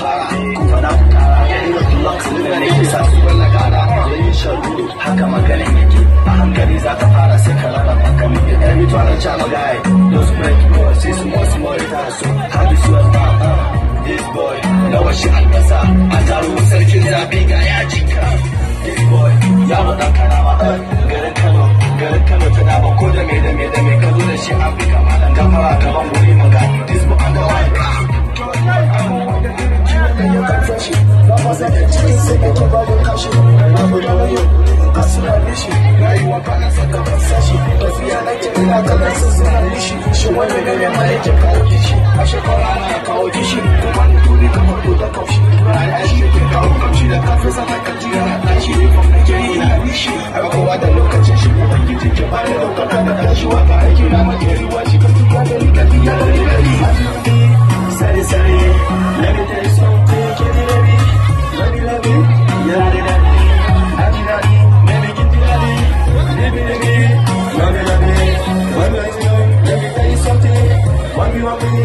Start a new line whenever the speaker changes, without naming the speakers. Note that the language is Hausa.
fara ku fada ku kara yayin da lux din da nake sa su wala gara yayin shan gudu haka maganin yake a hankali za ka fara sai ka raba maka mai da mi twana cha magai those break more say small small ta so how do you this boy na washi albasa a taro sarkin zabi ga yaji maza da cikin sai da ta bayan kashi na gudanar yau a suna nishi rayuwa ba na saka masashi tafiya na ke ina kallon suna nishi shi wanda ne ne ma yake kawo gishi a shekara na kawo gishi kuma ni tuni kama to da kaushi rana shi ke kawo da kafin sana ka ji yana tashi ne kuma nake yi na nishi a kowa da lokacin shi ubangiji ke bada ɗaukaka da tashi wata aiki na makeri
you up in